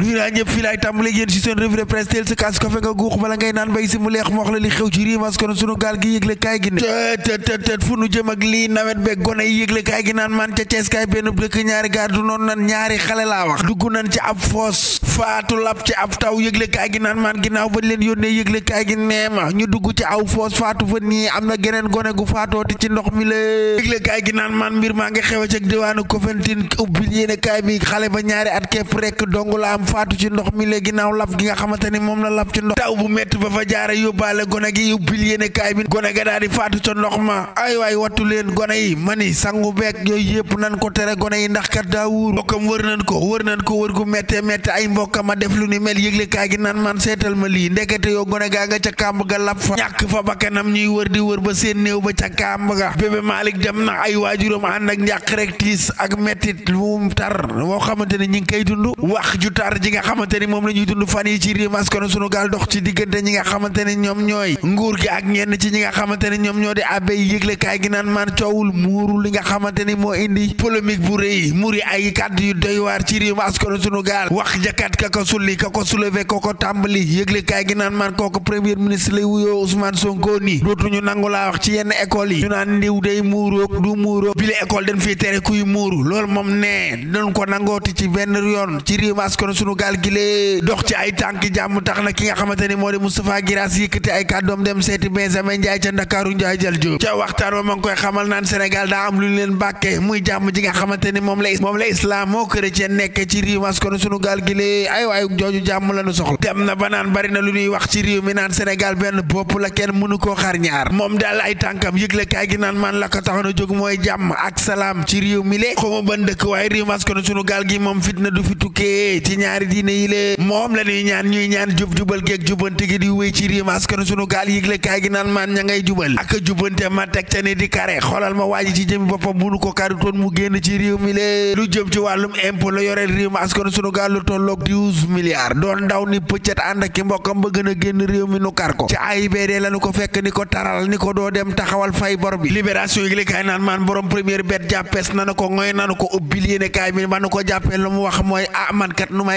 luy naa ñëpp fii laay tàmbale yéen ci seen revue de presse teel sa kaas kafe nga guux bala ngay naan bay si mu leex ma la li xew ci riimas kon sunu gaal gi yëgle kaay gi ne gi naan maan ginnaaw ba leen yónnee yëgle kaay gi nee ma ñu dugg ci aw foos faatu fa nii am na geneen gone gu faatooti ci ndox mi la yëgle kaay gi naan man mbir maa ngi xewe ca diwaanu Kofentin ubbil yéene kaay bi xale ba ñaari at kepp rek dong la doom faatu ci ndox mi léegi naaw lab gi nga xamante moom la lab ci ndox taw bu métti ba fa jaare yóbbaale gone gi yóbbil yéene kaay bi gone ga daal di faatu ca ndox ma leen gone yi ma ni sangu beeg yooyu yëpp nan ko tere gone yi ndax kat daa wuur mbokkam wër nañ ko wër nañ ko wër gu méttee métte ay mbokkam a def lu ni mel yëgle kaay gi naan man seetal ma lii ndekete yoo gone gaa nga ca kàmb ga lab fa ñàkk fa bakkanam ñuy wër di wër ba seen néew ba ca kàmb ga bébé Malick dem na ay waajuram ànd ak njàq rek tiis ak mettit lu mu tar woo xamante ñi ngi koy naqar ji nga xamante ni moom la ñuy dund fan yi ci réew askanu sunu gaal dox ci diggante ñi nga xamante ne ñoom ñooy nguur gi ak ñenn ci ñi nga xamante ñoom ñoo di abbé yëglekaay gi naan maan coowul muuru li nga xamante ni moo indi polémique bu rëy muri ay kàddu yu doy waar ci réew askanu sunu gaal wax jakat ka ko sulli ka ko soulevé ka ko tàmbali yëglekaay gi naan maan kooku premier ministre lay wuyoo Ousmane Sonko ni dootuñu nangu laa wax ci yenn école yi ñu naan ndiw day muuroog du muuroog bile école dañ fii tere kuy muuru loolu moom nee dañ ko sunu gaal gi lee dox ci ay tànk jàmm tax na ki nga xamante ni moo di Moustapha Guirassy yëkkati ay kàddoom dem seeti Benjamin Ndiaye ca Ndakaaru Ndiaye jël ca waxtaan ba ma ngi koy xamal naan Sénégal daa am lu ñu leen bàkkee muy jàmm ji nga xamante moom la moom la islam a chrétien nekk ci réew mas kon sunu gaal gi lee ay waay jooju jàmm la soxla dem na ba naan bari na lu ñuy wax ci réew mi naan Sénégal benn bopp la kenn mënu koo xar ñaar moom daal a moom la ñaan ñuy ñaan jub jubal geeg jubanti gi di wéy ci réew askan sunu gaal yëgle gi naan maan ña jubal ak jubante ma teg ca ni di kare xoolal ma waa ji ci jëmi boppam bu nu ko karitoon mu génn ci réew mi lée lu jëm ci wàllum impôt la yoreel réew askan sunu gaal lu tolloog 12 milliards doon ndaw ni pëccët ànd ak mbokkam ba gën a génn réew mi nu kar ko ci AIBD la nu ko fekk ni ko taral ni ko doo dem taxawal fay bor bi libération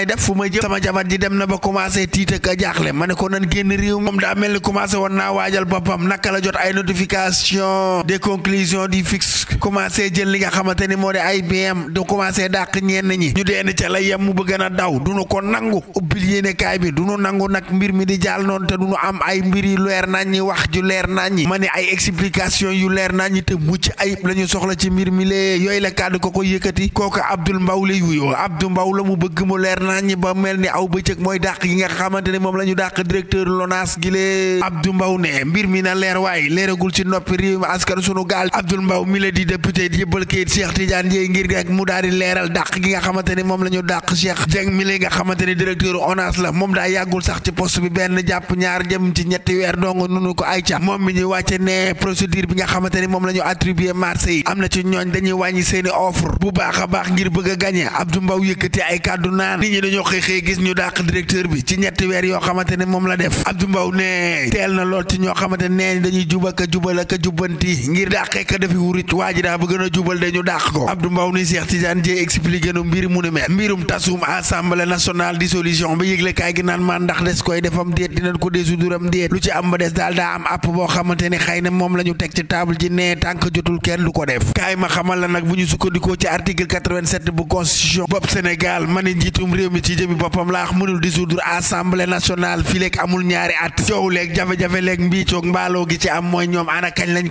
def fu ma jëm sama jabar ji dem na ba commencé tiit ak jaaxle ma ne ko nan génn réew moom daa mel ni commencé woon naa waajal boppam naka la jot ay notification des conclusions di fixe commencé jël li nga xamante ni moo di ay biem du commencé dàq ñenn ñi ñu deen ca la yem mu bëgg na daw du nu ko nangu ubbil yéenekaay bi du nu nangu nag mbir mi di jaal noonu te du nu am ay mbir yu leer nañ ñi wax ju leer nañ ñi ma ne ay explication yu leer nañ ñi te mucc ayib la ñu soxla ci mbir mi yooyu la ko ko yëkkati kooku Abdoul Mbaw la yuyoo Abdou Mbaw la mu bëgg mu leer nañ naññ ba mel ni aw bëccëg mooy dàq gi nga xamante ne moom la ñu dàq directeur LONASE gi lee Abdou Mbow ne mbir mi na leer waaye leeragul ci noppi réew mi askan sunu gaal Abdou Mbow mi la di député yëbbal kayit Cheikh Tidiane Dièye ngir rek mu daal di leeral dàq gi nga xamante ne moom la ñu dàq Cheikh Dieng mi nga xamante ne directeur la moom daa yàggul sax ci poste bi benn jàpp ñaar jëm ci ñetti weer dong nunu ko ay ca moom mi ñu wàcce ne procédure bi nga xamante ne moom la ñu attribué marché yi am na ci ñooñ dañuy wàññi seeni offre bu a a dañoo xëy xëy gis ñu dàq directeur bi ci ñetti weer yoo xamante ne moom la def Abdou Mbow ne teel na lool ci ñoo xamante ne dañuy jubal ka jubal ak jubbanti ngir dàqee ka defi wurit waa ji daa bëgg na jubal dañu dàq ko Abdou Mbow ni Cheikh Tidiane Dièye expliqué nu mbir mu ne mel mbirum tasum assemblée nationale dissolution bi yëgle kaay gi naan maa ndax des koy defam déet dinañ ko desu duram déet lu ci am ba des daal daa am àpp boo xamante ne xëy na moom la ñu teg ci table ji ne tànk jotul kenn du ko def kaay ma xamal la nag bu ñu sukkandikoo ci article 87 bu constitution bopp Sénégal ma ne njiitum ci jëmi boppam laax mënul dissoudre assemblée nationale fii léeg amul ñaari at coow leeg jafe-jafe leeg mbiicoog mbaaloo gi ci am mooy ñoom ana kañ lañ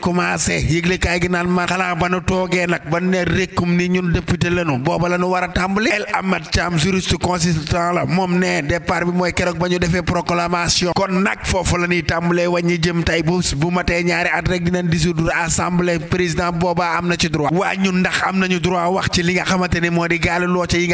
yëglekaay gi naan ma xanaa ba nu toogee nag ba ne rékkum ni ñun député lañu booba la ñu war a tàmbali El Amat Thiam juriste consultant la moom ne départ bi mooy keroog ba ñu defee proclamation kon nag foofu la ñuy tàmbalee wàññi jëm tey bu bu matee ñaari at rek dinañ dissoudre assemblée président boobaa di gaalu loo ci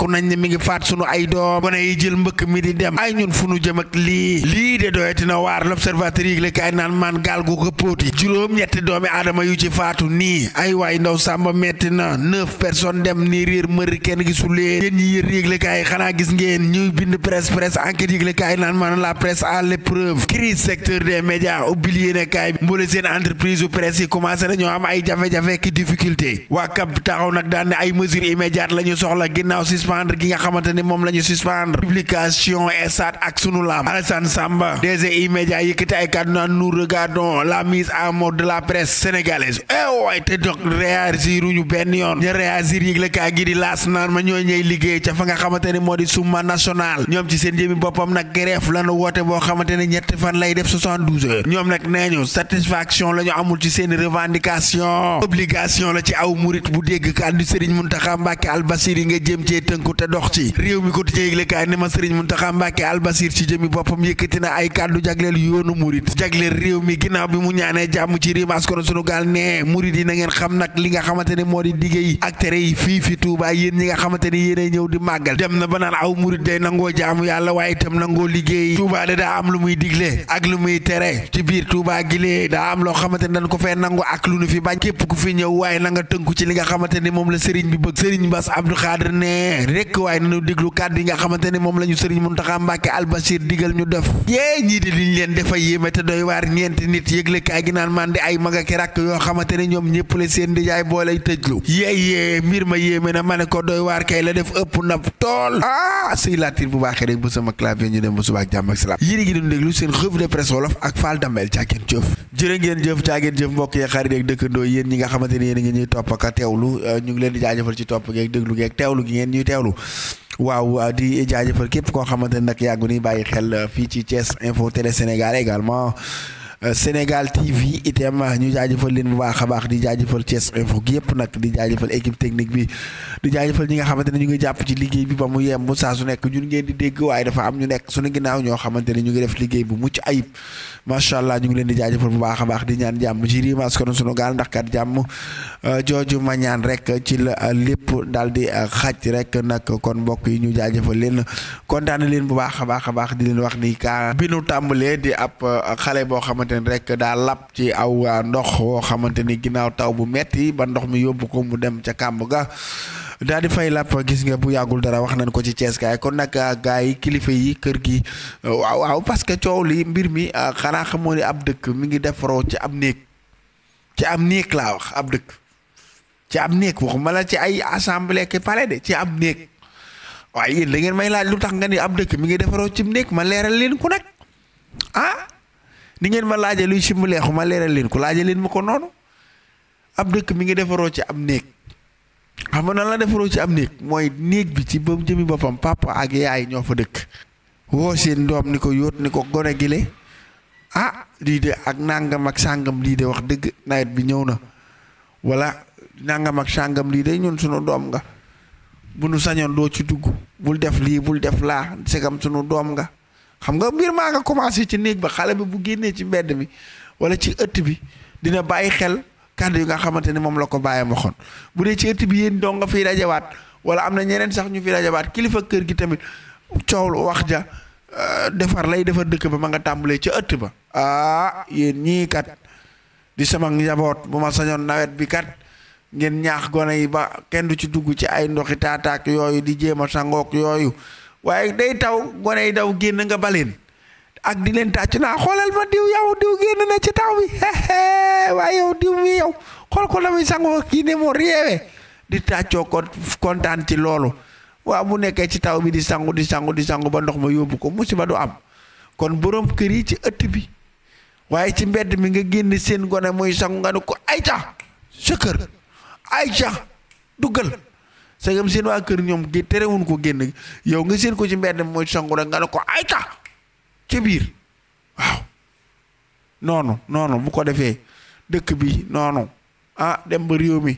nemmeeku nañ ne mi ngi faat sunu ay doom gone yi jël mbëkk mi di dem ay ñun fu nu jëm ak lii lii de doyati na waar l'observateur yi la kaay naan maan gaal gu ko póoti juróom-ñetti doomi aadama yu ci faatu nii ay waay ndaw sàmba metti na neuf personnes dem ni réer mëri kenn gisul leen yéen ñi yër yëgle xanaa gis ngeen ñuy bind presse presse enquête yëgle naan maan la presse à l'épreuve crise secteur des médias oublié ne kaay mboole seen entreprise u presse yi commencé na ñoo ay jafe-jafe ki difficulté waa kab taxaw nag la ñu suspendre gi nga xamante ni moom la ñu suspendre publication Stades ak sunu lamb Alassane Samba DG E-Media yëkkati ay kàddu naan nous la mise à de la presse sénégalaise eh te donc réagir ñu benn yoon ñu réagir yëgle kaa gi di laas naan ma ñoo ñëy liggéey ca fa nga xamante moo di suma national ñoom ci seen jëmi boppam nag grève lanu woote boo xamante ne fan lay def ñoom nag nee ñu satisfaction la ñu amul ci seen revendication obligation la ci tënku te dox ci réew mi quotidien yëglekaay ne ma sëriñ Muntaxa Mbàkke Albasir ci jëmi boppam yëkkati na ay kàddu jagleel yoonu murit jagleel réew mi ginnaaw bi mu ñaanee jàmm ci réew mi askanu sunu gaal ne murit yi na ngeen xam nag li nga xamante ne moo di dige yi ak tere yi fii fi Tuubaa yéen nga xamante ne yéenay ñëw di màggal dem na ba naan aw murit day nangoo jaamu yàlla waaye itam nangoo liggéey Tuubaa da am lu muy digle ak lu muy tere ci biir Tuubaa gilee daa am loo xamante ne dañ ko fee nangu ak lu fi bañ fi ñëw waaye na nga tënku ci li nga xamante ne moom la sëriñ bi bëgg sëriñ Bass Abdou Khadre ne rek waaye nañu déglu kàddu yi nga xamante ne moom la ñu sëriñ Muntaxa Mbàkke Albasir digal ñu def yée ñii di liñ leen dafa yéeme te doy waar ñeenti nit yëgle kaay gi naan man di ay mag ak rakk yoo xamante ñoom ñëpp la seen ndijaay boo tëjlu yée yée mbir ma yéeme na ma ne ko doy waar kay la def ëpp na tool ah suy laatir bu baaxee rek bu sama clavier ñu dem ba subaak jàmm ak salaam yéen seen revue de presse wolof ak Fall Damel càggeen jëf jërë ngeen jëf càggeen teewlu waaw di jaajëfal képp koo xamante ne nag yàggu ni bàyyi xel uh, fii ci Thiès Info Télé Sénégal également Euh, Sénégal TV itam euh, ñu jaajëfal leen bu baax a baax di jaajëfal Thiès Info gi yëpp nag di jaajëfal équipe technique bi di jaajëfal ñi nga xamante ne ñu ngi jàpp ci liggéey bi ba mu yemb saa su nekk am ñu nekk suñu ginnaaw ñoo xamante ne ñu ngi def liggéey bu mucc ayib macha allah ñu ngi leen di jaajëfal bu baax a baax di ñaan jàmm ci rimas kon sunu gaal ndax kat jàmm euh, jooju ma ñaan rek ci la lépp daal di xaj rek nag kon mbokk yi ñu jaajëfal leen kontaan leen bu baax a baax a baax di leen wax ni kaa bi nu tàmbalee di ab xale boo xamante xamante rek daa lap ci aw ah, ndox woo xamante ni ginnaaw taw bu metti ba ndox mi yóbbu ko mu dem ca kàmb ga daa di fay làpp gis nga bu yàggul dara wax nañ ko ci Thiès gaay kon nag ah, gars yi kilifa yi kër gi ah, waaw parce que coow li mbir mi xanaa xamoo ne ab dëkk mi ngi defaroo ci ab néeg ci ab néeg laa wax ab dëkk ci ab néeg waxuma la ci ay assemblée ki pale de ci ab néeg waaye yéen da may laaj lu tax nga ni ab dëkk mi ngi defaroo ci néeg ma leeral leen ku nag ni ngeen ma laaje luy simb leexu ma leeral leen ko laaje leen ma ko noonu ab dëkk mi ngi defaroo ci am néeg xam nga nan la defaroo ci am néeg mooy néeg bi ci ba jëmi boppam papa ak yaay ñoo fa dëkk woo seen doom ni ko yóot ni ko gone gile ah lii de ak nàngam ak sàngam lii de wax dëgg nawet bi ñëw na wala nàngam ak sàngam lii de ñun sunu doom nga bu nu sañoon doo ci dugg bul def lii bul def laa segam sunu doom nga xam nga mbir maa nga commencé ci néeg ba xale bi bu génnee ci mbedd mi wala ci ëtt bi dina bàyyi xel kàddu yi nga xamante ne moom la ko bàyyam waxoon bu dee ci ëtt bi yéen dong nga fiy dajawaat wala am na ñeneen sax ñu fiy dajawaat kilifa kër gi tamit coow wax ja euh, defar lay defar dëkk ba ma nga tàmbalee ca ëtt ba ah yéen ñii kat di sama njaboot bu ma sañoon nawet bi kat ngeen ñaax gone yi ba kenn du ci dugg ci ay ndoxi taataak yooyu di jéem a sangook yooyu waaye day taw gone yi daw génn nga baleen ak di leen tàcc naa xoolal ma diw yow diw génn na ci taw bi waaye yow diw mi yow xool ko la muy sangoo kii ne moo réewee di tàccoo ko kontaan ci loolu waaw mu nekkee ci taw bi di sangu di sangu di sangu ba ndox ma yóbbu ko musiba du am kon borom kër yi ci ëtt bi waaye ci mbedd mi nga génn seen gone muy sangu nga ne ko ayca sa kër ayca duggal sagam seen waa kër ñoom gi terewuñ ko génn yow nga seen ko ci mbedd mooy songu rek nga ne ko ayta ci biir waaw noonu noonu bu ko defee dëkk bi noonu ah dem ba réew mi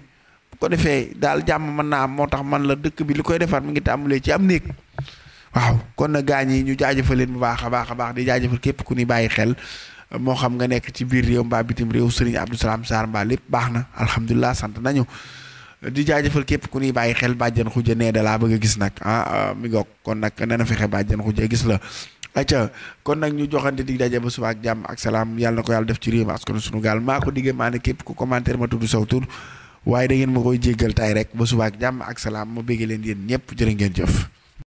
bu ko defee daal jàmm mën naa moo tax man la dëkk bi li koy defar mu ngi tàmbalee ci am néeg waaw kon na gaañ yi ñu jaajëfal leen bu baax a baax a baax di jaajëfal képp ku ni bàyyi xel moo xam nga nekk ci biir réew mbaa bitim réew sëriñ Abdou Salam Sarr mbaa lépp baax na alhamdulilah sant nañu di jaajëfal képp ku ñuy bàyyi xel bàjjan xuja nee da laa bëgg a gis nag ah, ah mi ngoog kon nag nana fexe bàjjan xuja gis la acca kon nag ñu joxante di daje ba suba jàmm ak salaam yàlla na ko yàlla def ci réew mi askan sunu gaal maa ko diggee maa ne képp ku commentaire ma tudd saw tur waaye da ngeen ma koy jéggal tay rek ba suba jàmm ak salaam ma bégg leen yéen ñëpp jërë ngeen jëf